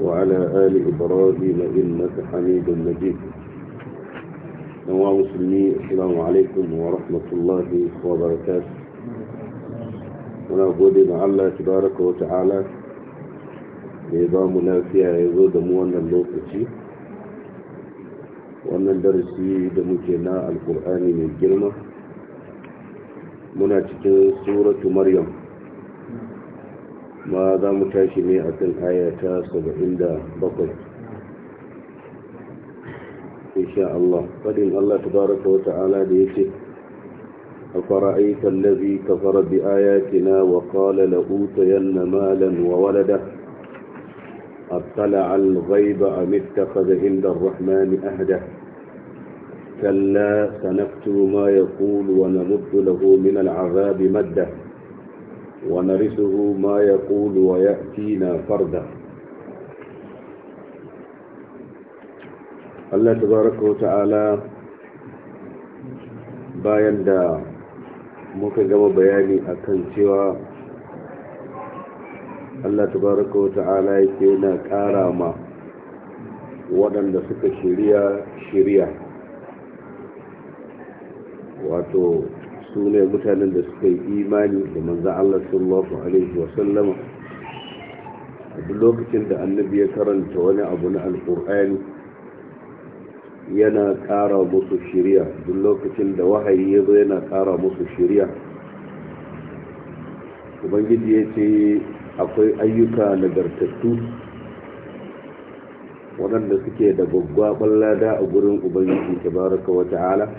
وعلى آل إبراهيم إنك حميد مجيد نواة مسلمين السلام عليكم ورحمة الله وبركاته muna gode da Allah tabaraka wa ta'ala da ya mu lafiya ya zo da mu wannan lokaci wannan darasi da muke na alkur'ani mai girma muna cikin suratu maryam ما za mu مئة ne a عند ayata إن شاء الله قد إن الله تبارك وتعالى wa أفرأيت الذي كفر بآياتنا وقال لأوتين مالا وولدا أطلع الغيب أم اتخذ عند الرحمن أهدا كلا سنكتب ما يقول ونمد له من العذاب مده ونرثه ما يقول ويأتينا فردا Allah tabaraka wa ta'ala bayan da muka gama bayani akan cewa Allah tabaraka wa ta'ala yake yana ƙara ma waɗanda suka shirya shirya wato su ne mutanen da suka yi imani da manzan Allah sallallahu alaihi wasallama a duk lokacin da annabi ya karanta wani abu na alkur'ani yana ƙara musu shirya duk lokacin da wahayi ya zo yana ƙara musu shirya ubangiji ya ce akwai ayyuka nagartattu waɗanda suke da gwaggwaɓar lada a gurin ubangiji tabaraka wata'ala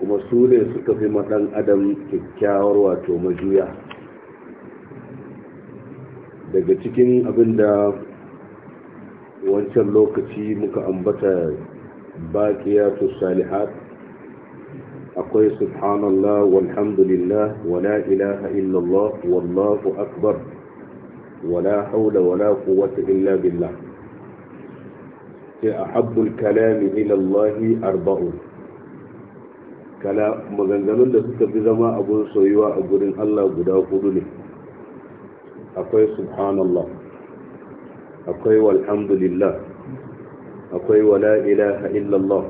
kuma su ne suka fi maɗan adam kyakkyawar wato majuya daga cikin abin da wancan lokaci muka ambata baƙiyatu salihat akwai subhanallah walhamdulillah wala ilaha illallah wallahu akbar ولا حول ولا illa billah sai a habbul kalami ilallahi أربعون kala maganganun da suka fi zama abun soyuwa a gurin Allah guda hudu ne akwai subhanallah akwai walhamdulillah akwai wala ilaha illallah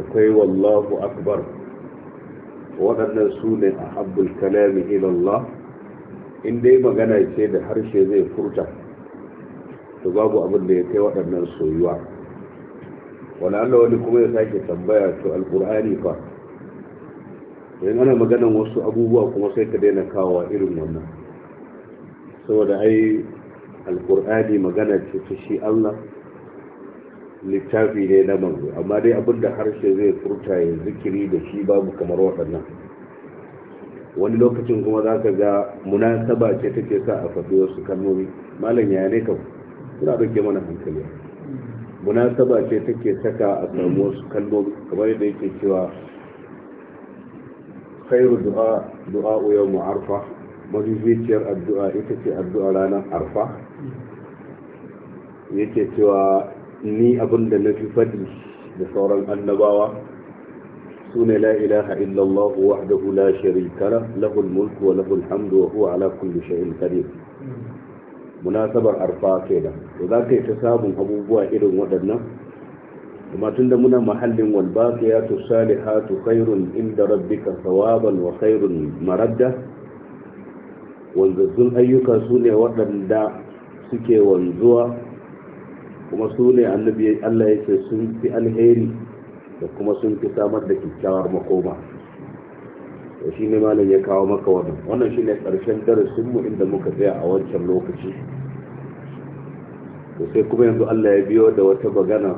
akwai wallahu akbar waɗannan su ne a habbul kalami ilallah in dai magana ce da harshe zai furta to babu abin da ya kai waɗannan soyuwa wani allah wani kuma ya sake tambaya to alkur'ani fa Idan ana maganan wasu abubuwa kuma sai ka daina kawo irin wannan saboda ai alkur'ani magana ce ta shi allah littafi ne na manzo amma dai abinda harshe zai furta ya zikiri da shi babu kamar waɗannan wani lokacin kuma za ka ga munasaba ce take sa a faɗi wasu kalmomi malam yaya ne kam suna ɗauke mana hankali munasaba ce take saka a samu wasu kalmomi kamar yadda yake cewa khairu du'a du'a yawm arfa mazubiciyar addu'a ita ce addu'a ranar arfa yake cewa ni abinda na fi fadi da sauran annabawa su ne la ilaha illallah wahdahu la sharika lahu al-mulku wa lahu al-hamdu wa huwa ala kulli shay'in qadir munasabar arfa kenan to za ka yi ta samun abubuwa irin waɗannan kuma tun da muna muhallin walbasa, ya tu salihatu khairun inda rabbika sawaban wa khairun maradda wanzazzun ayyuka su ne waɗanda suke wanzuwa kuma su ne annabi Allah ya ce sun fi alheri da kuma sun fi samar da kyakkyawar makoma to shi ne malam ya kawo maka wannan wannan shi ne ƙarshen darasinmu inda muka tsaya a wancan lokaci to sai kuma yanzu Allah ya biyo da wata magana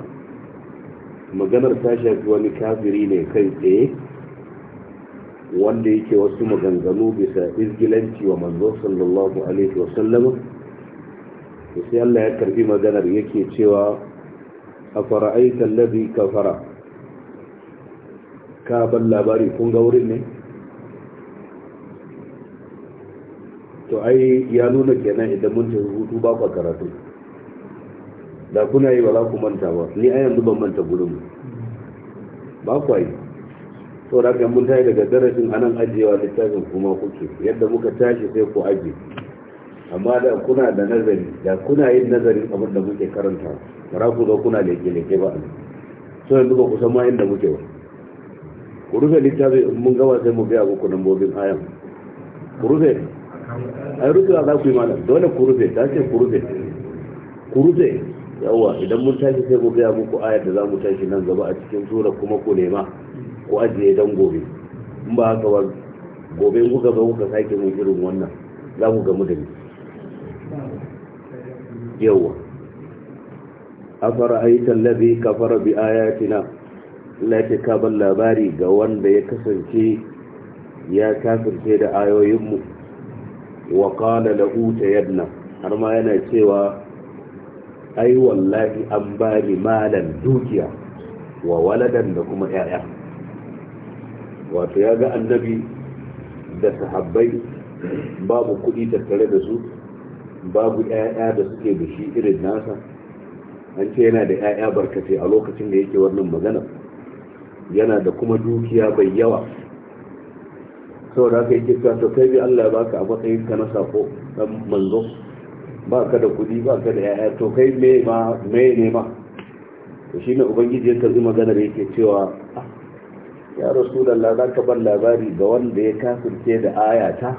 maganar ta shafi wani kafiri ne kai tsaye wanda yake wasu maganganu bisa izgilanci wa manzo sallallahu alaihi sallam to sai Allah ya karbi maganar yake cewa afara'aita alladhi kafara ka ban labari kun ga wurin ne to ai ya nuna kenan idan mun tafi hutu ba karatu da kuna yi ba za ku manta ba ni a yanzu ban manta gurin ba ku yi to da kan mun tayi daga darasin anan ajiyewa littafin kuma kuke yadda muka tashi sai ku aje amma da kuna da nazari da kuna yin nazarin abin da muke karanta ba za ku zo kuna leke-leke ba so yanzu ba ku san ma inda muke ba ku rufe littafin in mun gaba sai mu biya muku lambobin ayan ku rufe ai rufe za ku yi malam dole ku rufe ta ce ku rufe ku rufe yawa idan mun tashi sai mu gaya muku ayar da za mu tashi nan gaba a cikin sura kuma ku nema ku ajiye dan gobe in ba haka ba gobe in kuka zo kuka sake mun irin wannan za mu gamu da ni yawa afara aitan ladhi kafara bi ayatina lati kaban labari ga wanda ya kasance ya kafirce da ayoyin mu wa qala lahu yadna har ma yana cewa ai wallahi an bani malan dukiya wa waladan da kuma yaya wato ya ga annabi da sahabbai babu kuɗi tattare da su babu yaya da suke da shi irin nasa an ce yana da yaya barkace a lokacin da yake wannan magana yana da kuma dukiya bai yawa saboda haka yake cewa to kai bi Allah ya baka a matsayin ka na sako ɗan manzo ba ka da kudi ba ka da yaya to kai me ma me ne ma to shine ubangiji ya karbi maganar yake cewa ya rasulullah da ka ban labari ga wanda ya kasance da ayata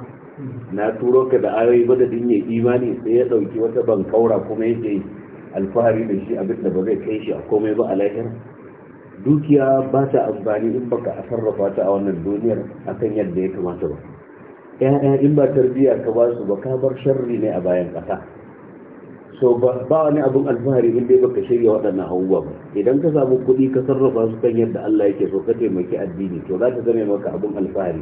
na turo ka da ayoyi madadin ya imani sai ya dauki wata ban kaura kuma yake alfahari da shi abin da ba zai kai shi a komai ba a lahira dukiya ba ta amfani in baka a sarrafa ta a wannan duniyar akan yadda ya kamata ba ya'ya in ba tarbiyya ka ba su ba ka bar sharri ne a bayan kasa. so ba wani abin alfahari in dai baka shirya waɗannan abubuwa ba idan ka samu kuɗi ka sarrafa su kan yadda Allah yake so ka taimaki addini to za ta zame maka abin alfahari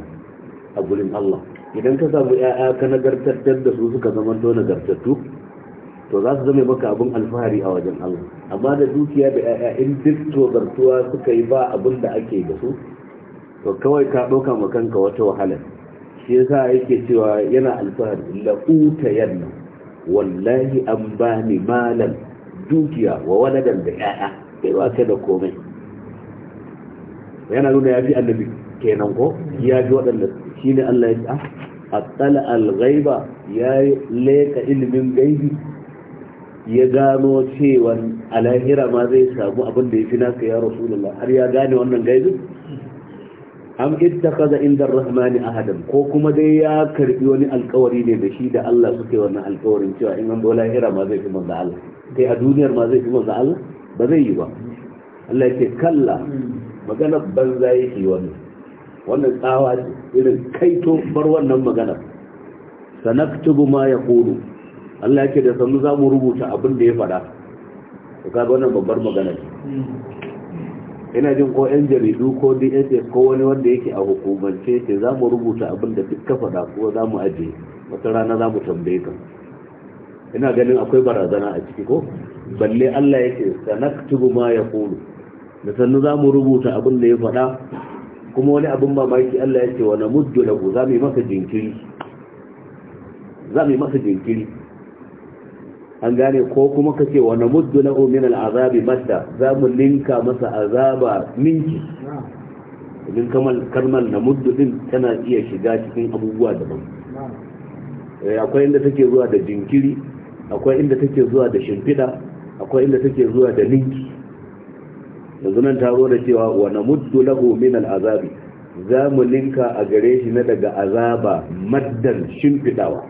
a gurin Allah idan ka samu ƴaƴa ka nagartattar da su suka zama to nagartattu to za su zame maka abin alfahari a wajen Allah amma da dukiya da ƴaƴa in duk tozartuwa suka yi ba abin da ake da su to kawai ka ɗauka ma kanka wata wahala shi yasa yake cewa yana alfahari la'uta yanna wallahi an ba ni malam dukiya wa waladan da ƴaƴa sai ba ka da komai yana nuna ya fi annabi kenan ko ya fi waɗanda shi ne Allah ya ce a ah, tsala alghaiba ya leka ilimin gaibi ya gano cewa alahira ma zai samu abin da ya fi naka ya rasulullah har ya gane wannan gaibin am ittakhadha inda ar-rahman ahadan ko kuma dai ya karbi wani alkawari ne da shi da Allah suke wannan alkawarin cewa in an bola hira ma zai fi manzo Allah kai a duniyar ma zai fi manzo Allah ba zai yi ba Allah yake kalla magana banza yi wannan wannan tsawa irin kaito bar wannan magana sanaktubu ma yaqulu Allah yake da sanu za mu rubuta abin da ya faɗa to ga wannan babbar magana ce ina jin ko yan jaridu ko dss ko wani wanda yake a hukumance ce za mu rubuta abin da duk kafa faɗa kuma za mu ajiye wata rana za mu tambaye ka ina ganin akwai barazana a ciki ko balle allah yake sanaktubu ma ya kulu da sannu za mu rubuta abin da ya faɗa kuma wani abin mamaki allah ya ce wa na muddu lahu za mu masa jinkiri za mu yi masa jinkiri an gane ko kuma ka ce wani muddu lahu min al'azabi masa za mu linka masa azaba minki domin kalmar na muddu din tana iya shiga cikin abubuwa daban eh, akwai inda take zuwa da jinkiri akwai inda take zuwa da shimfiɗa akwai inda take zuwa da linki yanzu nan ta da cewa wani muddu lahu min al'azabi za mu linka a gare shi na daga azaba maddan shimfiɗawa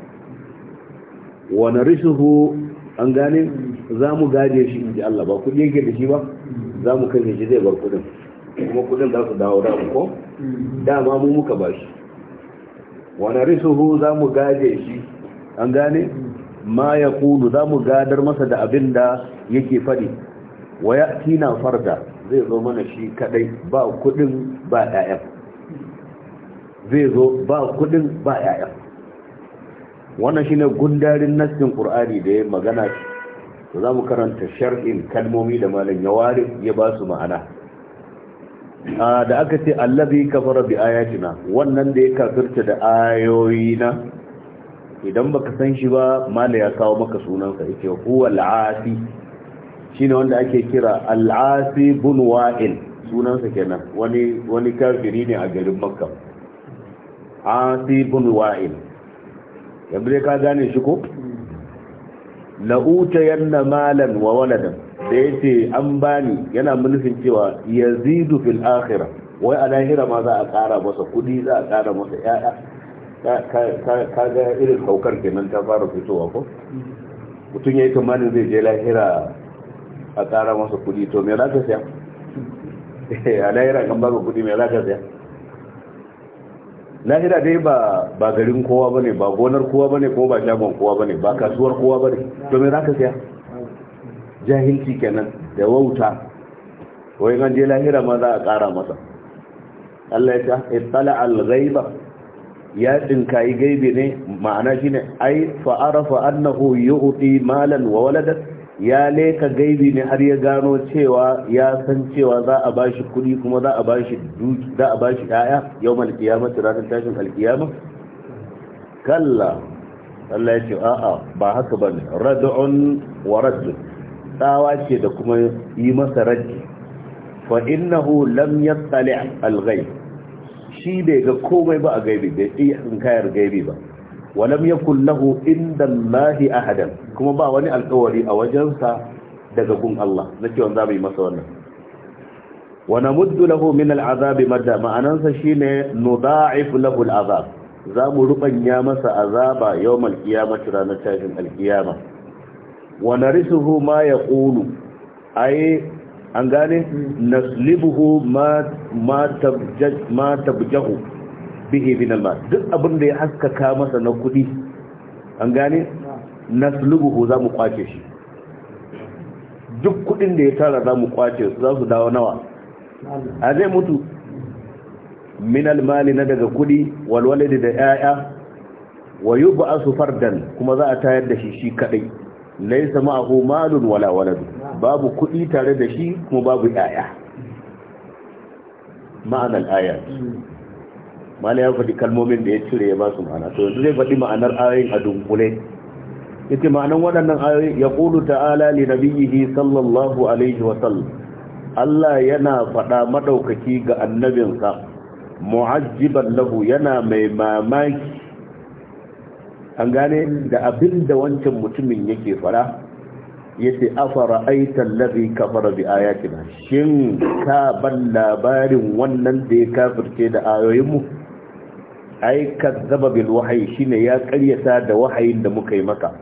wani rishuhu an gane za mu gaje shi inji Allah ba kuɗi yake da shi ba za mu kai shi zai bar kuɗin kuma kuɗin za su dawo da mu ko dama mu muka ba shi wani risuhu za mu gaje shi an gane ma ya kudu za mu gadar masa da abin da yake faɗi wa ya tina farda zai zo mana shi kadai ba kuɗin ba 'ya'yan zai zo ba kuɗin ba 'ya'yan wannan shi ne gundarin nassin ƙur'ani da ya magana to mu karanta shar'in kalmomi da malam ya ware ya ba su ma'ana da aka ce ka fara bi ayatina wannan da ya kafirta da ayoyina idan baka san shi ba mala ya kawo maka sunansa kuwa huwa al'asi ne wanda ake kira al'asi bin wa'il sunansa kenan wani wani kafiri ne a garin makka asi bin wa'il yanzu dai ka gane shi ko yanna malan wa waladan da yace an bani yana mulkin cewa yazidu fil akhirah wai a lahira ma za a kara masa kudi za a kara masa ƴaƴa ka ga irin saukar kenan ta fara fitowa ko mutum ya yi tumanin zai je lahira a ƙara masa kudi to me za ka siya a lahira kan baka kudi me za ka siya lahira dai ba ba garin kowa bane ba gonar kowa bane ko ba shagon kowa bane ba kasuwar kowa bane to me zaka siya jahilci kenan da wauta wai an je lahira ma za a kara masa Allah ya ce ittala al-ghaiba ya dinkayi gaibi ne ma'ana shine ai fa arafa annahu yu'ti malan wa waladat ya leka gaibi ne har ya gano cewa ya san cewa za a bashi kuɗi kuma za a bashi duki za a bashi ɗaya yau mal kiyama ranar tashin alkiyama kalla Allah ya ce a'a ba haka bane rad'un wa radd tsawa ce da kuma yi masa raddi fa innahu lam yattali al-ghaib shi bai ga komai ba a gaibi bai iya tsinkayar gaibi ba walam yakul lahu indallahi ahadan kuma ba wani alkawari a wajensa daga gun Allah na cewa za masa wannan wa namuddu lahu min al'azabi madda ma'anansa shine nudha'if lahu al'azab za mu rubanya masa azaba yawmal qiyamati ranar tashin alqiyama wa narisuhu ma yaqulu ai an gane naslibuhu ma ma tabjahu bihi min Allah duk abin da ya haskaka masa na kudi an gane naslubuhu za mu kwace shi duk kudin da ya tara za mu kwace za su dawo nawa a zai mutu min mali na daga kudi walwalidi da yaya wa yub'asu fardan kuma za a tayar da shi shi kadai laysa ma'ahu malun wala walad babu kudi tare da shi kuma babu yaya ma'anar ayat mala ya faɗi kalmomin da ya cire ya ba ma'ana to yanzu zai faɗi ma'anar ayoyin a dunkule yace ma'anar waɗannan ayoyin ya ƙulu ta'ala li nabiyhi sallallahu alaihi wa sallam Allah yana faɗa madaukaki ga annabinsa mu'ajjiban lahu yana mai mamaki an gane da abinda wancan mutumin yake fara yace afara aita allazi kafara bi ayatina shin ka ban labarin wannan da ya kafirce da ayoyin mu ai kazzaba bil wahyi shine ya ƙaryata da wahayin da muka yi maka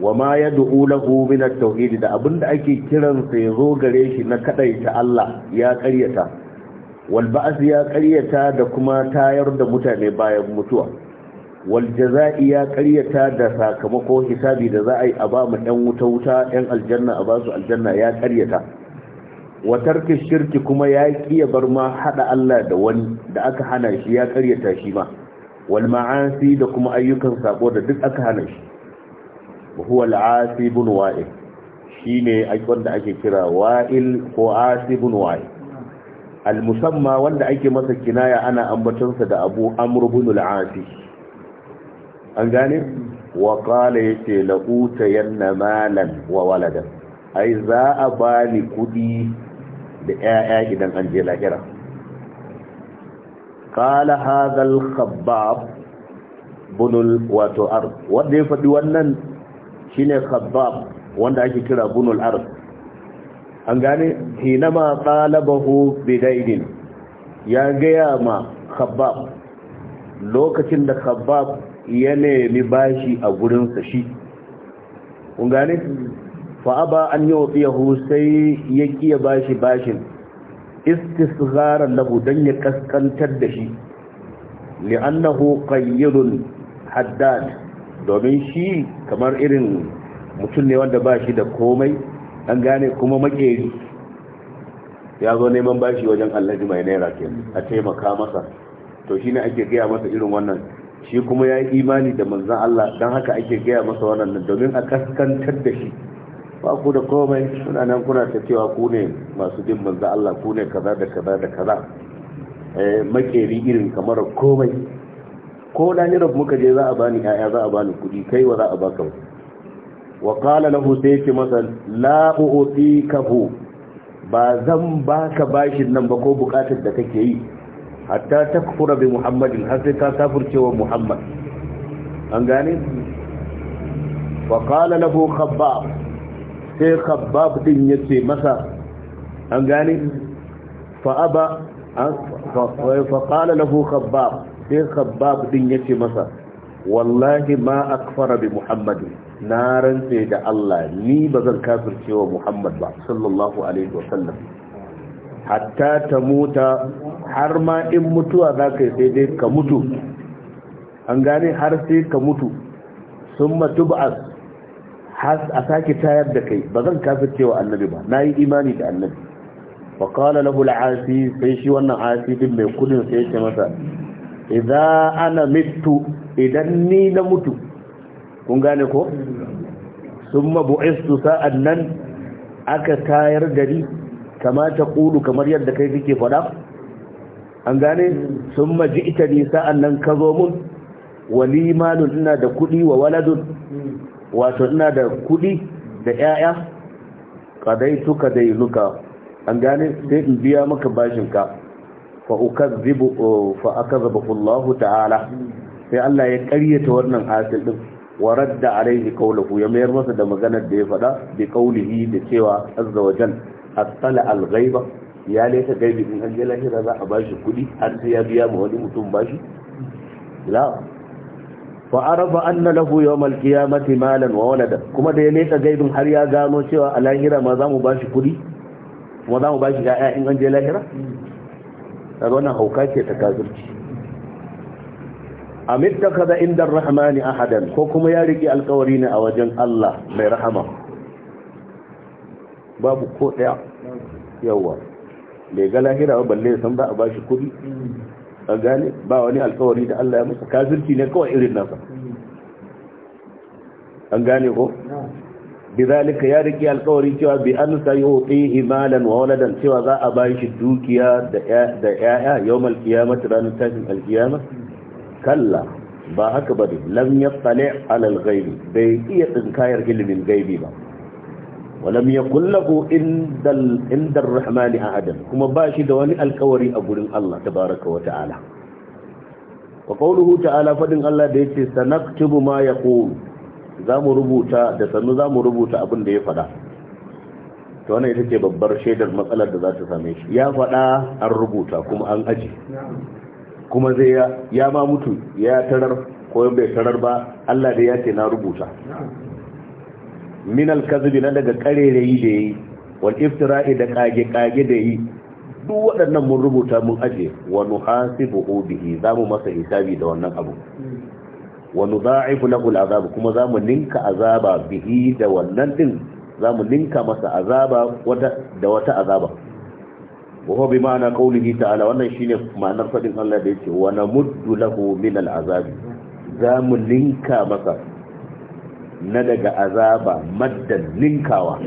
wa ma yad'u lahu min at-tauhid da abinda ake kiran sa yazo gare shi na ta Allah ya ƙaryata wal ba'th ya ƙaryata da kuma tayar da mutane bayan mutuwa wal jaza'i ya ƙaryata da sakamako hisabi da za a yi a ba mu ɗan wuta wuta ɗan aljanna a ba su aljanna ya ƙaryata wa tarki shirki kuma ya kiya bar ma hada Allah da wani da aka hana shi ya karyata shi ma wal ma'asi da kuma ayyukan sako da duk aka hana shi huwa al-asi bin wa'il shine wanda ake kira wa'il ko asi bin wa'il al-musamma wanda ake masa kinaya ana ambatonsa da Abu Amr bin al-Asi an gane wa qala yace la utayanna malan wa walada ai za a bani kudi da ƴaƴa idan an je lahira qala hadha al-khabbab bunul wato ard wanda ya fadi wannan shine khabbab wanda ake kira bunul ard an gane hinama talabahu bidaidin ya gaya ma khabbab lokacin da khabbab ya nemi bashi a gurinsa shi kun gane fa aba an fiye sai ya kiya bashi bashin istisgharan lahu dan ya kaskantar da shi li'annahu qayyidun haddad domin shi kamar irin mutum ne wanda ba shi da komai an gane kuma makeri ya zo neman bashi wajen alhaji mai naira ke a taimaka masa to shi ne ake gaya masa irin wannan shi kuma ya yi imani da manzan Allah don haka ake gaya masa wannan domin a kaskantar da shi ba ku da komai suna nan kuna ta cewa ku ne masu jin manzo Allah ku ne kaza da kaza da kaza eh makeri irin kamar komai ko da ni rabu muka je za a bani yaya za a bani kudi kai wa za a baka wa qala lahu sayyidi masal la u'tikahu ba zan baka bashin nan ba ko bukatar da kake yi hatta takfura bi muhammadin har sai ka wa muhammad an gane wa qala lahu khabbab sai khabbab din yace masa an gane fa aba fa qala lahu khabbab sai khabbab din yace masa wallahi ma akfara bi muhammad na rantse da Allah ni bazan kafirce wa muhammad ba sallallahu alaihi wa sallam. hatta ta muta har ma in mutuwa za ka yi sai dai ka mutu an gane har sai ka mutu sun matu ba'as a sake tayar da kai ba zan kasa cewa annabi ba na yi imani da annabi wa kala lahu al'asi sai shi wannan asi din mai kudin sai ce masa idan ana mitu idan ni na mutu kun gane ko summa bu'istu sa'an nan aka tayar da ni kama ta kulu kamar yadda kai kake faɗa an gane sun summa ji'ta ni sa'an nan ka zo mun wali malun ina da kuɗi wa waladun wato ina da kudi da yaya qadaituka dayluka an gane sai in biya maka bashinka fa ukazzibu uh, fa akazzabahu Allah ta'ala sai Allah ya ƙaryata wannan asil din wa radda alaihi qawluhu ya mayar masa da maganar da ya faɗa bi qawlihi da cewa azza wa jal asala al-ghaiba ya laita gaibi in an je lahira za a bashi kudi an sai ya biya ma wani mutum bashi la wa arafa anna lahu yawmal qiyamati malan wa walada kuma da ya leka gaibin har ya gano cewa a lahira ma zamu bashi kudi kuma zamu bashi ya'ya in an je lahira daga wannan hauka ce ta kafirci amit takaza inda rahmani ahadan ko kuma ya riki alkawari ne a wajen Allah mai rahama babu ko daya yawa bai ga lahira ba balle san ba a bashi kudi an gane ba wani alkawari da Allah ya masa kafirci ne kawai irin nasa an gane ko bizalika ya rike alkawari cewa bi an sayuti malan wa waladan cewa za a bayi shi dukiya da da yaya yawmal qiyamah ranar tashin alkiyama kalla ba haka ba ne lam yattali ala alghayb bai iya tsinkayar ilimin gaibi ba ولم يكن له عند ال... عند الرحمن احد كما باشي ده وني القوري ا غورين الله تبارك وتعالى وقوله تعالى فدين الله ده يتي سنكتب ما يقول zamu rubuta da sannu zamu rubuta abin da ya fada to wannan ita ce babbar shaidar matsalar da za ta same shi ya faɗa an rubuta kuma an aji kuma zai ya ma mutu ya tarar ko bai tarar ba Allah da ya ce na rubuta Minal alkazibi na daga karerayi da yi wal iftira'i da kage-kage da yi duk waɗannan mun rubuta mun aje wa nuhasibu bihi za mu masa hisabi da wannan abu wa nudha'ifu lahu al'azab kuma za mu ninka azaba bihi da wannan din mu ninka masa azaba wata da wata azaba wa huwa bi ma'ana qawlihi ta'ala wannan shine ma'anar fadin Allah da yake wa namuddu lahu min Za mu ninka masa na daga azaba maddan ninkawa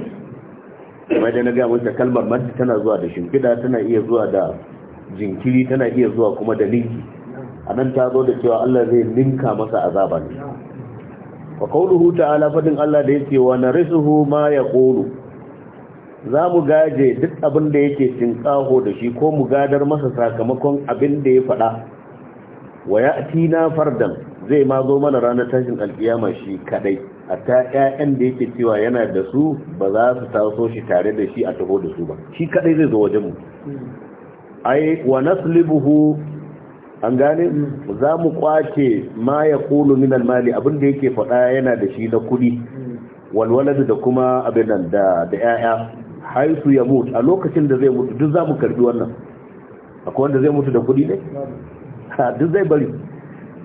kamar da na gaya wata kalmar maddi tana zuwa da shimfida tana iya zuwa da jinkiri tana iya zuwa kuma da ninki a nan ta zo da cewa Allah zai ninka masa azaba ne wa qawluhu ta'ala fadin Allah da yake wa narisuhu ma yaqulu za mu gaje duk abin da yake tinkaho da shi ko mu gadar masa sakamakon abin da ya faɗa wa ya'tina fardan zai ma zo mana ranar tashin alkiyama shi kadai ta ƴaƴan da yake cewa yana da su ba za su taso shi tare da shi a taho da su ba shi kadai zai zo wajen mu ai wa naslibuhu an gane za mu kwace ma ya kulu min almali abin da yake faɗa yana da shi na kuɗi walwalad da kuma abin da da ƴaƴa haisu ya mutu a lokacin da zai mutu duk za mu karbi wannan akwai wanda zai mutu da kuɗi ne duk zai bari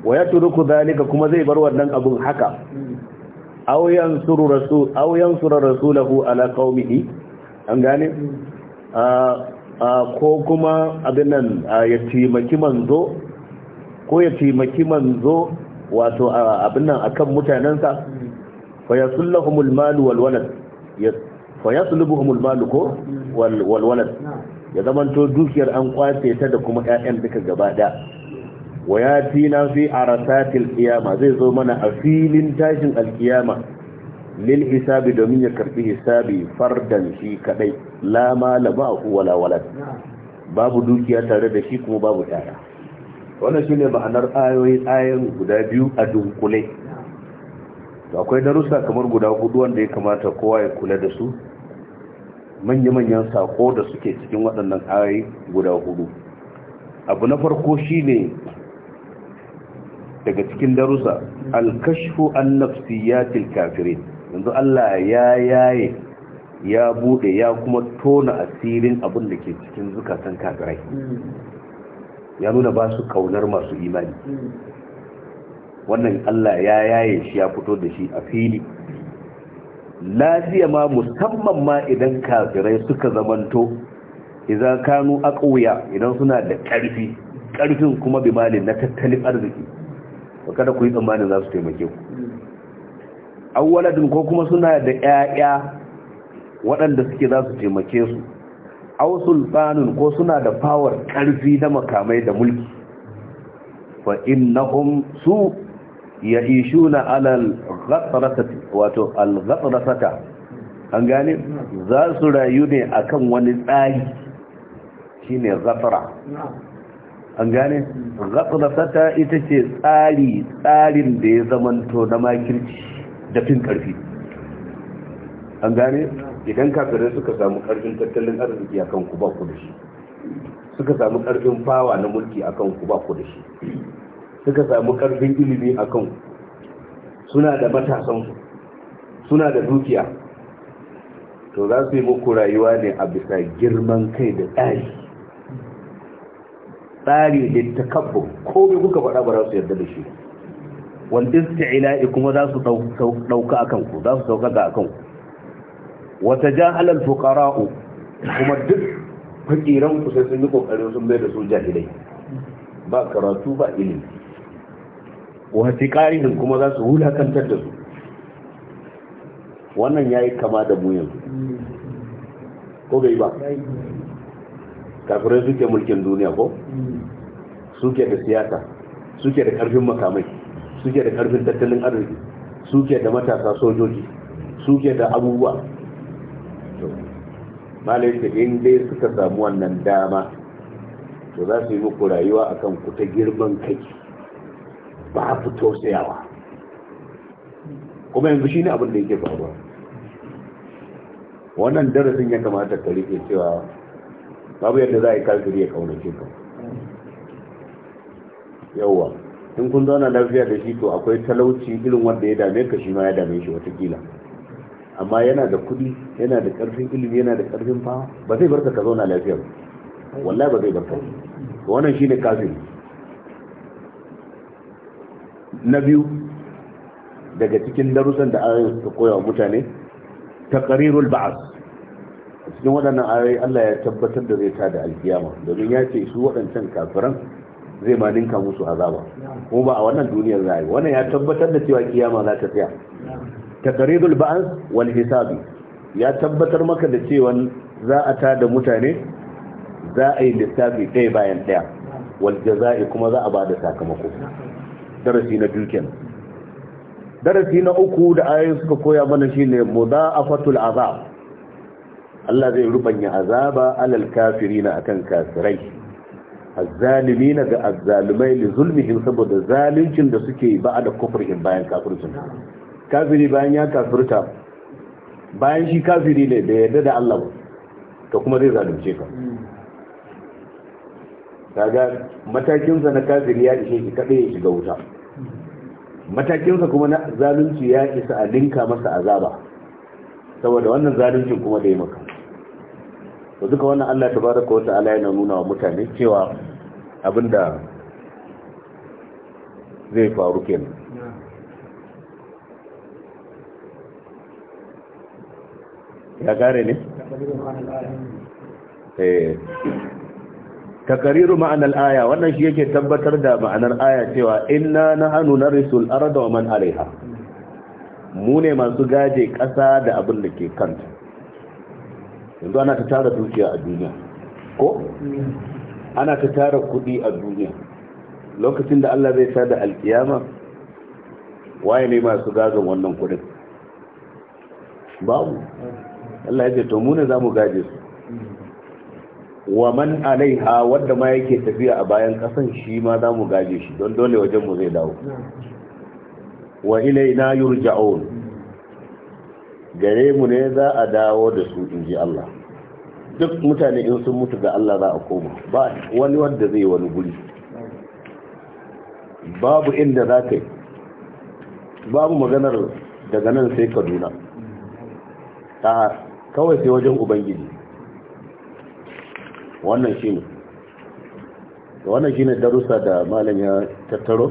wa ya turuku zalika kuma zai bar wannan abun haka aw yansuru rasul aw yansura rasulahu ala qaumihi an gane ko kuma abin nan ya taimaki manzo ko ya taimaki manzo wato abin nan akan mutanansa fa yasluhumul mal wal walad fa yasluhumul mal ko wal walad ya zamanto dukiyar an kwace ta da kuma ƴaƴan duka gaba daya wa ya fi na fi a rasatil kiyama zai zo mana a filin tashin alkiyama lil hisabi domin ya karfi hisabi fardan shi kadai la mala ba ku wala wala babu dukiya tare da shi kuma babu yara wannan shine ma'anar ayoyi ayoyin guda biyu a dunkule akwai darussa kamar guda hudu wanda ya kamata kowa ya kula da su manya-manyan sako da suke cikin waɗannan ayoyi guda hudu abu na farko shine daga cikin darussa alkashfu an nafsiyatil kafirin yanzu Allah ya yaye ya bude ya kuma tona asirin abin da ke cikin zukatan kafirai ya nuna ba su kaunar masu imani wannan Allah ya yaye shi ya fito da shi a fili lafiya ma musamman ma idan kafirai suka zamanto idan kanu aqwiya idan suna da ƙarfi, karfin kuma bimalin na tattalin arziki ba kada ku yi tsammanin za su taimake ku awwaladin ko kuma suna da ƴaƴa waɗanda suke za su taimake su aw sulfanun ko suna da power ƙarfi na makamai da mulki fa innahum su ya'ishuna ala al-ghatrasati wato al-ghatrasata an gane za su rayu ne akan wani tsari shine ghatra an gane gatsarasata ita ce tsari tsarin da ya zamanto na makirci da fin karfi an gane idan kafirai suka samu karfin tattalin arziki a kan ba ku da shi suka samu karfin fawa na mulki a kan ba ku da shi suka samu karfin ilimi a kanku suna da matasan, suna da dukiya to za su yi muku rayuwa ne a bisa girman kai da tsari tsari da takabbu bai kuka faɗa ba za su yarda da shi wal isti'la'i kuma za su dauka akan ku za su dauka akan ku wa tajahala al kuma duk fakiran ku sai sun yi kokari sun bai da su jahilai ba karatu ba ilimi wa tiqarihin kuma za su hulakantar da su wannan yayi kama da mu yanzu ko bai ba kafirai suke mulkin duniya ko hmm. suke da siyasa suke da karfin makamai suke da karfin tattalin arziki suke da matasa sojoji suke da abubuwa malai ce in dai suka samu wannan dama to za su yi muku rayuwa akan ku ta girman kai ba ku tausayawa kuma yanzu shine abin da yake faruwa wannan darasin ya kamata ka rike cewa babu yadda za a yi kafiri ya kaunace ka yauwa in kun zauna lafiya da shi to akwai talauci irin wanda ya dame ka shi ma ya dame shi watakila amma yana da kudi yana da karfin ilimi yana da karfin fama ba zai barka ka zauna lafiya ba wallahi ba zai barka to wannan shine kafiri na biyu daga cikin darussan da ayoyin suka koya wa mutane taqrirul ba'th cikin waɗannan ayoyi Allah ya tabbatar da zai tada alkiyama domin ya ce su waɗancan kafiran zai ma ninka musu azaba kuma ba a wannan duniyar za yi wannan ya tabbatar da cewa kiyama za ta tsaya taqridul ba'th wal hisabi ya tabbatar maka da cewa za a tada mutane za a yi lissafi ɗaya bayan ɗaya wal jaza'i kuma za a ba da sakamako darasi na biyu darasi na uku da ayoyin suka koya mana shine mudha'afatul azab Allah zai rubanya azaba alal kafirina akan kafirai na ga azzalimai li zulmihim saboda zaluncin da suke ba da kufurin bayan kafirin kafiri bayan ya kafirta bayan shi kafiri ne da yadda da Allah to kuma zai zalunce ka daga matakin sa na kafiri ya ishe shi kadai ya shiga wuta matakin sa kuma na zalunci ya isa a linka masa azaba saboda wannan zaluncin kuma da ya maka to duka wannan Allah tabaraka wa ta'ala yana nuna wa mutane cewa abinda zai faru kenan ya gare ne eh takariru ma'anar aya wannan shi yake tabbatar da ma'anar aya cewa inna nahnu narisul arda wa man alaiha mu ne masu gaje ƙasa da abin da ke kanta yanzu ana ta tara dukiya a duniya ko ana ta tara kudi a duniya lokacin da Allah zai sada alkiyama waye ne masu gazon wannan kudin babu Allah ya ce to mu ne zamu gaje su wa man alaiha wanda ma yake tafiya a bayan kasan shi ma zamu gaje shi don dole wajen mu zai dawo wa ilaina yurja'un gare mu ne za a dawo da su in ji Allah duk mutane in sun mutu ga Allah za a koma ba wani wanda zai wani guri babu inda za ka yi babu maganar daga nan sai kaduna ta kawai sai wajen ubangiji wannan shi ne wannan shi ne darussa da malam ya tattaro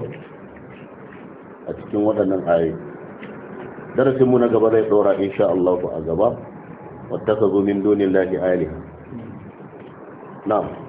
a cikin waɗannan ayoyi darasin mu na gaba zai dora insha Allah a gaba wattakazu min dunillahi alihi na'am